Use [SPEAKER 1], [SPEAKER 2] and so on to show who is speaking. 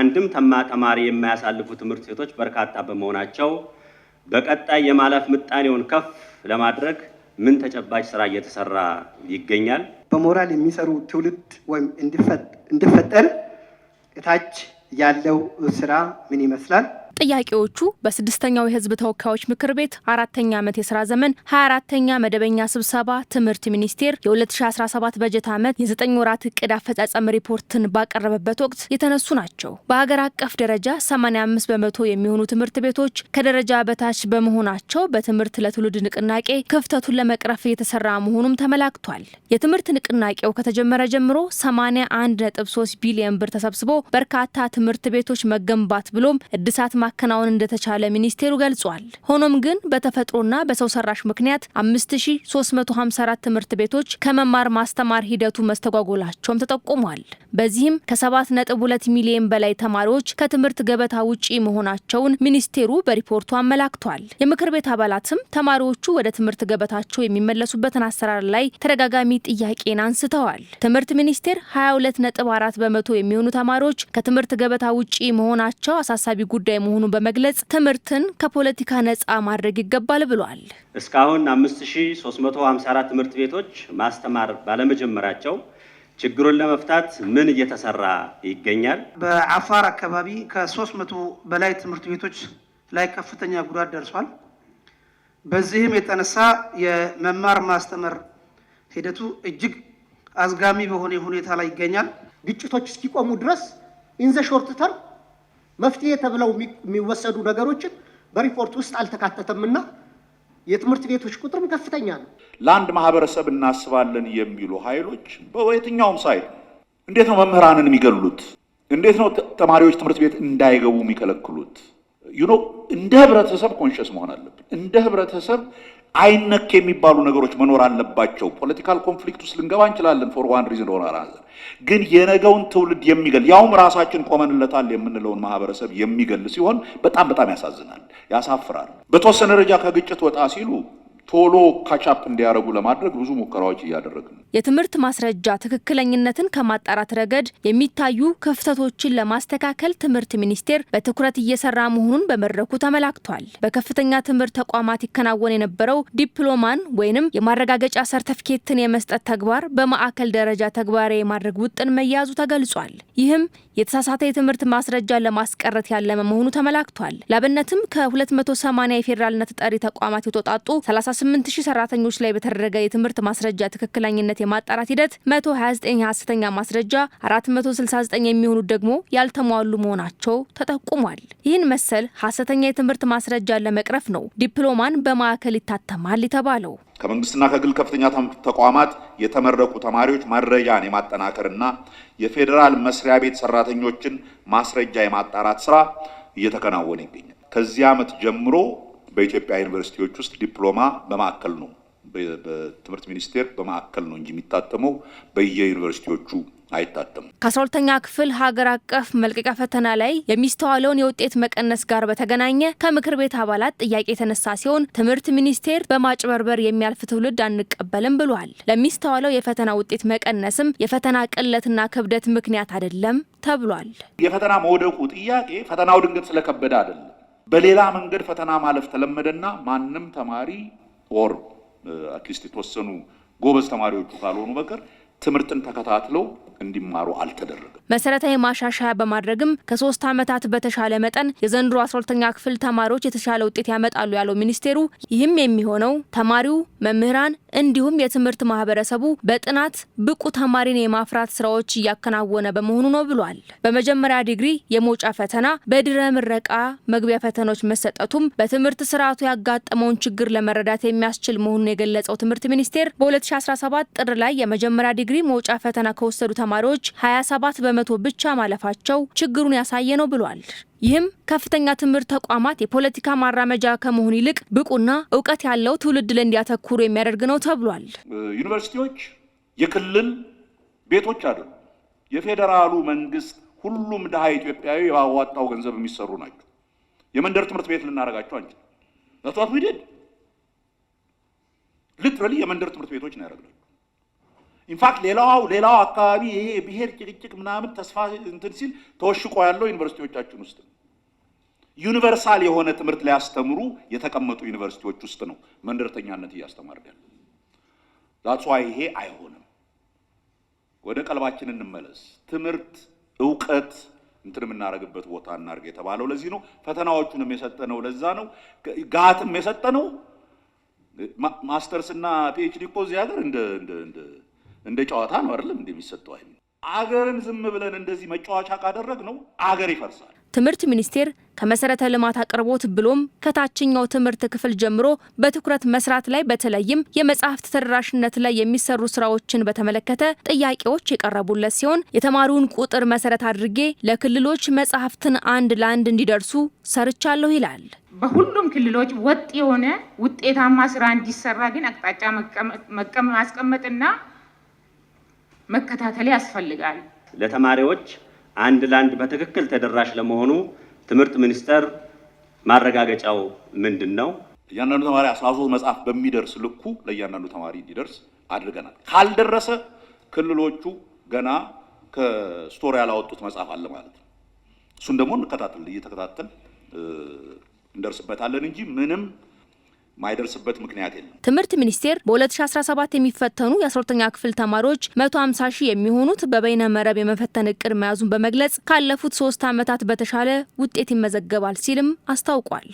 [SPEAKER 1] አንድም ተማሪ የማያሳልፉ ትምህርት ቤቶች በርካታ በመሆናቸው በቀጣይ የማለፍ ምጣኔውን ከፍ ለማድረግ ምን ተጨባጭ ስራ እየተሰራ ይገኛል?
[SPEAKER 2] በሞራል የሚሰሩ ትውልድ ወይም እንዲፈጠር እታች ያለው ስራ ምን ይመስላል? ጥያቄዎቹ በስድስተኛው የህዝብ ተወካዮች ምክር ቤት አራተኛ ዓመት የስራ ዘመን 24ተኛ መደበኛ ስብሰባ ትምህርት ሚኒስቴር የ2017 በጀት ዓመት የዘጠኝ ወራት እቅድ አፈጻጸም ሪፖርትን ባቀረበበት ወቅት የተነሱ ናቸው። በሀገር አቀፍ ደረጃ 85 በመቶ የሚሆኑ ትምህርት ቤቶች ከደረጃ በታች በመሆናቸው በትምህርት ለትውልድ ንቅናቄ ክፍተቱን ለመቅረፍ እየተሰራ መሆኑም ተመላክቷል። የትምህርት ንቅናቄው ከተጀመረ ጀምሮ 81.3 ቢሊዮን ብር ተሰብስቦ በርካታ ትምህርት ቤቶች መገንባት ብሎም እድሳት ማ ማከናወን እንደተቻለ ሚኒስቴሩ ገልጿል። ሆኖም ግን በተፈጥሮና በሰው ሰራሽ ምክንያት 5354 ትምህርት ቤቶች ከመማር ማስተማር ሂደቱ መስተጓጎላቸውም ተጠቁሟል። በዚህም ከ7.2 ሚሊዮን በላይ ተማሪዎች ከትምህርት ገበታ ውጪ መሆናቸውን ሚኒስቴሩ በሪፖርቱ አመላክቷል። የምክር ቤት አባላትም ተማሪዎቹ ወደ ትምህርት ገበታቸው የሚመለሱበትን አሰራር ላይ ተደጋጋሚ ጥያቄን አንስተዋል። ትምህርት ሚኒስቴር 22.4 በመቶ የሚሆኑ ተማሪዎች ከትምህርት ገበታ ውጪ መሆናቸው አሳሳቢ ጉዳይ መሆኑ መሆኑ በመግለጽ ትምህርትን ከፖለቲካ ነፃ ማድረግ ይገባል ብሏል።
[SPEAKER 1] እስካሁን 5354 ትምህርት ቤቶች ማስተማር ባለመጀመራቸው ችግሩን ለመፍታት ምን እየተሰራ ይገኛል? በአፋር አካባቢ ከሶስት መቶ በላይ ትምህርት ቤቶች ላይ ከፍተኛ ጉዳት ደርሷል። በዚህም የተነሳ የመማር ማስተማር ሂደቱ እጅግ አዝጋሚ በሆነ ሁኔታ ላይ ይገኛል። ግጭቶች እስኪቆሙ ድረስ ኢንዘ ሾርት ተርም መፍትሄ ተብለው የሚወሰዱ ነገሮችን በሪፖርት ውስጥ አልተካተተምና የትምህርት ቤቶች ቁጥርም ከፍተኛ ነው። ለአንድ ማህበረሰብ እናስባለን የሚሉ ኃይሎች በየትኛውም ሳይ እንዴት ነው መምህራንን የሚገሉት? እንዴት ነው ተማሪዎች ትምህርት ቤት እንዳይገቡ የሚከለክሉት? ዩኖ እንደ ህብረተሰብ ኮንሽስ መሆን አለብን። እንደ ህብረተሰብ አይነክ የሚባሉ ነገሮች መኖር አለባቸው። ፖለቲካል ኮንፍሊክት ውስጥ ልንገባ እንችላለን። ፎር ዋን ሪዝን ሆነ ራዘር ግን የነገውን ትውልድ የሚገል ያውም ራሳችን ቆመንለታል የምንለውን ማህበረሰብ የሚገል ሲሆን በጣም በጣም ያሳዝናል፣ ያሳፍራል። በተወሰነ ደረጃ ከግጭት ወጣ ሲሉ ቶሎ ካቻፕ እንዲያደርጉ ለማድረግ ብዙ ሙከራዎች እያደረግን ነው።
[SPEAKER 2] የትምህርት ማስረጃ ትክክለኝነትን ከማጣራት ረገድ የሚታዩ ክፍተቶችን ለማስተካከል ትምህርት ሚኒስቴር በትኩረት እየሰራ መሆኑን በመድረኩ ተመላክቷል። በከፍተኛ ትምህርት ተቋማት ይከናወን የነበረው ዲፕሎማን ወይንም የማረጋገጫ ሰርተፍኬትን የመስጠት ተግባር በማዕከል ደረጃ ተግባራዊ የማድረግ ውጥን መያዙ ተገልጿል። ይህም የተሳሳተ የትምህርት ማስረጃ ለማስቀረት ያለመ መሆኑ ተመላክቷል። ላብነትም ከ280 የፌዴራልና ጠሪ ተቋማት የተውጣጡ ስምንት ሺህ ሰራተኞች ላይ በተደረገ የትምህርት ማስረጃ ትክክለኝነት የማጣራት ሂደት 129 የሀሰተኛ ማስረጃ፣ 469 የሚሆኑት ደግሞ ያልተሟሉ መሆናቸው ተጠቁሟል። ይህን መሰል ሀሰተኛ የትምህርት ማስረጃ ለመቅረፍ ነው ዲፕሎማን በማዕከል ይታተማል የተባለው።
[SPEAKER 1] ከመንግስትና ከግል ከፍተኛ ተቋማት የተመረቁ ተማሪዎች መረጃን የማጠናከርና የፌዴራል መስሪያ ቤት ሰራተኞችን ማስረጃ የማጣራት ስራ እየተከናወነ ይገኛል። ከዚህ ዓመት ጀምሮ በኢትዮጵያ ዩኒቨርሲቲዎች ውስጥ ዲፕሎማ በማዕከል ነው በትምህርት ሚኒስቴር በማዕከል ነው እንጂ የሚታተመው በየዩኒቨርሲቲዎቹ አይታተም።
[SPEAKER 2] ከአስራ ሁለተኛ ክፍል ሀገር አቀፍ መልቀቂያ ፈተና ላይ የሚስተዋለውን የውጤት መቀነስ ጋር በተገናኘ ከምክር ቤት አባላት ጥያቄ የተነሳ ሲሆን ትምህርት ሚኒስቴር በማጭበርበር የሚያልፍ ትውልድ አንቀበልም ብሏል። ለሚስተዋለው የፈተና ውጤት መቀነስም የፈተና ቅለትና ክብደት ምክንያት አይደለም ተብሏል።
[SPEAKER 1] የፈተና መውደቁ ጥያቄ ፈተናው ድንገት ስለከበደ አይደለም በሌላ መንገድ ፈተና ማለፍ ተለመደና ማንም ተማሪ ኦር አትሊስት የተወሰኑ ጎበዝ ተማሪዎቹ ካልሆኑ በቀር ትምህርትን ተከታትለው እንዲማሩ አልተደረገም።
[SPEAKER 2] መሰረታዊ ማሻሻያ በማድረግም ከሶስት ዓመታት በተሻለ መጠን የዘንድሮ አስራ ሁለተኛ ክፍል ተማሪዎች የተሻለ ውጤት ያመጣሉ ያለው ሚኒስቴሩ፣ ይህም የሚሆነው ተማሪው፣ መምህራን እንዲሁም የትምህርት ማህበረሰቡ በጥናት ብቁ ተማሪን የማፍራት ስራዎች እያከናወነ በመሆኑ ነው ብሏል። በመጀመሪያ ዲግሪ የመውጫ ፈተና፣ በድረ ምረቃ መግቢያ ፈተናዎች መሰጠቱም በትምህርት ስርዓቱ ያጋጠመውን ችግር ለመረዳት የሚያስችል መሆኑን የገለጸው ትምህርት ሚኒስቴር በ2017 ጥር ላይ የመጀመሪያ ዲግሪ ዲግሪ መውጫ ፈተና ከወሰዱ ተማሪዎች 27 በመቶ ብቻ ማለፋቸው ችግሩን ያሳየ ነው ብሏል። ይህም ከፍተኛ ትምህርት ተቋማት የፖለቲካ ማራመጃ ከመሆን ይልቅ ብቁና እውቀት ያለው ትውልድ ላይ እንዲያተኩሩ የሚያደርግ ነው ተብሏል።
[SPEAKER 1] ዩኒቨርሲቲዎች የክልል ቤቶች አይደሉ። የፌዴራሉ መንግስት ሁሉም ድሀ ኢትዮጵያዊ የባዋጣው ገንዘብ የሚሰሩ ናቸው። የመንደር ትምህርት ቤት ልናደርጋቸው አንችል። ዛቷት ሂደድ ሊትራሊ የመንደር ትምህርት ቤቶች ነው ያደረግነው። ኢንፋክት ሌላው ሌላው አካባቢ ይሄ ብሔር ጭቅጭቅ ምናምን ተስፋ እንትን ሲል ተወሽቆ ያለው ዩኒቨርሲቲዎቻችን ውስጥ ነው። ዩኒቨርሳል የሆነ ትምህርት ሊያስተምሩ የተቀመጡ ዩኒቨርሲቲዎች ውስጥ ነው መንደርተኛነት እያስተማርን ያለው። ዋይ ይሄ አይሆንም። ወደ ቀልባችን እንመለስ። ትምህርት እውቀት እንትን የምናደርግበት ቦታ እናድርግ የተባለው ለዚህ ነው። ፈተናዎቹንም የሰጠነው ለዛ ነው። ጋትም የሰጠነው እና ፒኤችዲ እኮ እዚህ ሀገር እንደ እንደ ጨዋታ ነው አይደለም የሚሰጠው አይደል? አገርን ዝም ብለን እንደዚህ መጫወቻ ካደረግ ነው አገር ይፈርሳል።
[SPEAKER 2] ትምህርት ሚኒስቴር ከመሰረተ ልማት አቅርቦት ብሎም ከታችኛው ትምህርት ክፍል ጀምሮ በትኩረት መስራት ላይ በተለይም የመጽሐፍት ተደራሽነት ላይ የሚሰሩ ስራዎችን በተመለከተ ጥያቄዎች የቀረቡለት ሲሆን የተማሪውን ቁጥር መሰረት አድርጌ ለክልሎች መጽሐፍትን አንድ ለአንድ እንዲደርሱ ሰርቻለሁ ይላል። በሁሉም ክልሎች ወጥ የሆነ ውጤታማ ስራ እንዲሰራ ግን አቅጣጫ ማስቀመጥና መከታተል ያስፈልጋል።
[SPEAKER 1] ለተማሪዎች አንድ ለአንድ በትክክል ተደራሽ ለመሆኑ ትምህርት ሚኒስቴር ማረጋገጫው ምንድን ነው? እያንዳንዱ ተማሪ አስራዞ መጽሐፍ በሚደርስ ልኩ ለእያንዳንዱ ተማሪ እንዲደርስ አድርገናል። ካልደረሰ ክልሎቹ ገና ከስቶር ያላወጡት መጽሐፍ አለ ማለት ነው። እሱን ደግሞ እንከታተል እየተከታተል እንደርስበታለን እንጂ ምንም ማይደርስበት ምክንያት የለም።
[SPEAKER 2] ትምህርት ሚኒስቴር በ2017 የሚፈተኑ የ12ኛ ክፍል ተማሪዎች 150 ሺህ የሚሆኑት በበይነ መረብ የመፈተን እቅድ መያዙን በመግለጽ ካለፉት ሶስት ዓመታት በተሻለ ውጤት ይመዘገባል ሲልም አስታውቋል።